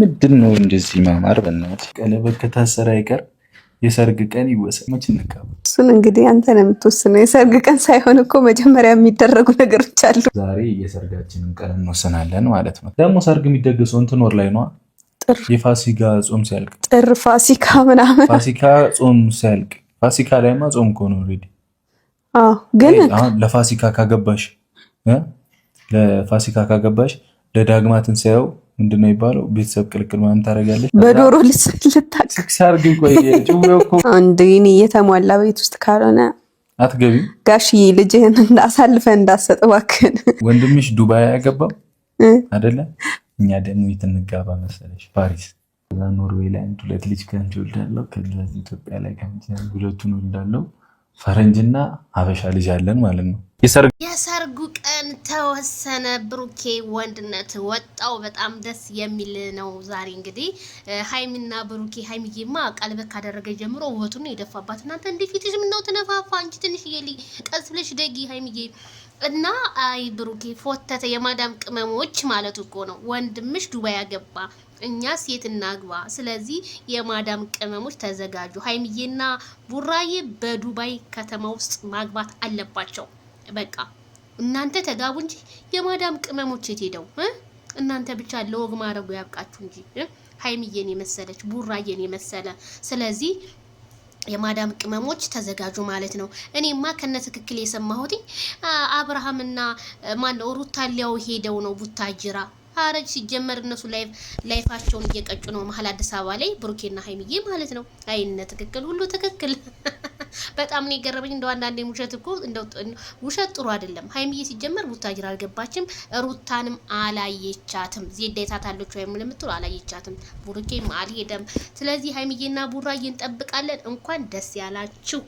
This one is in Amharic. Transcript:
ምንድን ነው እንደዚህ ማማር? በእናት ቀለበት ከታሰረ አይቀር የሰርግ ቀን ይወሰን። መች እንጋባ? እሱን እንግዲህ አንተ ነው የምትወስነው። የሰርግ ቀን ሳይሆን እኮ መጀመሪያ የሚደረጉ ነገሮች አሉ። ዛሬ የሰርጋችንን ቀን እንወስናለን ማለት ነው። ደግሞ ሰርግ የሚደገሰውን ትኖር ላይ ነዋ። ጥር የፋሲካ ጾም ሲያልቅ፣ ጥር ፋሲካ ምናምን፣ ፋሲካ ጾም ሲያልቅ። ፋሲካ ላይማ ጾም እኮ ነው ኦልሬዲ። ግን ለፋሲካ ካገባሽ ለፋሲካ ካገባሽ ለዳግማ ትንሣኤው ምንድን ነው የሚባለው? ቤተሰብ ቅልቅል ምናምን ታደርጋለች። በዶሮ ልታሳርግ ቆይ አንድ እየተሟላ ቤት ውስጥ ካልሆነ አትገቢ። ጋሽዬ ልጅህን እንዳሳልፈ እንዳሰጥ እባክህን። ወንድምሽ ዱባይ አያገባም አደለ? እኛ ደግሞ የት እንጋባ መሰለሽ? ፓሪስ ከዛ ኖርዌይ ላይ አንድ ሁለት ልጅ ከአንቺ ወልዳለው፣ ከዚህ ኢትዮጵያ ላይ ከአንቺ ሁለቱን ወልዳለሁ። ፈረንጅና ሀበሻ ልጅ አለን ማለት ነው የሰርጉ ቀን ተወሰነ። ብሩኬ ወንድነት ወጣው። በጣም ደስ የሚል ነው። ዛሬ እንግዲህ ሀይሚና ብሩኬ ሀይሚዬማ ቀልበት ካደረገ ጀምሮ ውበቱን የደፋባት። እናንተ እንዴ ፊትሽ ምነው ተነፋፋ? አንቺ ትንሽ የሊ ቀስ ብለሽ ደጊ ሀይሚዬ እና አይ ብሩኬ ፎተተ። የማዳም ቅመሞች ማለት እኮ ነው። ወንድምሽ ዱባይ ያገባ እኛ ሴት እናግባ። ስለዚህ የማዳም ቅመሞች ተዘጋጁ። ሀይሚዬና ቡራዬ በዱባይ ከተማ ውስጥ ማግባት አለባቸው። በቃ እናንተ ተጋቡ እንጂ የማዳም ቅመሞች የት ሄደው እናንተ ብቻ ለወግ ማድረጉ ያብቃችሁ እንጂ ሀይሚዬን የመሰለች ቡራዬን የመሰለ ስለዚህ የማዳም ቅመሞች ተዘጋጁ ማለት ነው። እኔማ ከነ ትክክል የሰማሁት አብርሃምና ማነው ሩታ ሊያው ሄደው ነው ቡታጅራ አረጅ ሲጀመር እነሱ ላይፋቸውን እየቀጩ ነው መሀል አዲስ አበባ ላይ ብሩኬና ሀይሚዬ ማለት ነው። አይነ ትክክል ሁሉ ትክክል በጣም ነው የገረመኝ። እንደው አንዳንዴ ውሸት እኮ እንደው ውሸት ጥሩ አይደለም። ሀይሚዬ ሲጀመር ቡታጅራ አልገባችም፣ ሩታንም አላየቻትም። ዜዳ የታታለች ወይም ለምትሉ አላየቻትም። ቡሩኬም አልሄደም። ስለዚህ ሀይሚዬና ቡራ እንጠብቃለን። እንኳን ደስ ያላችሁ።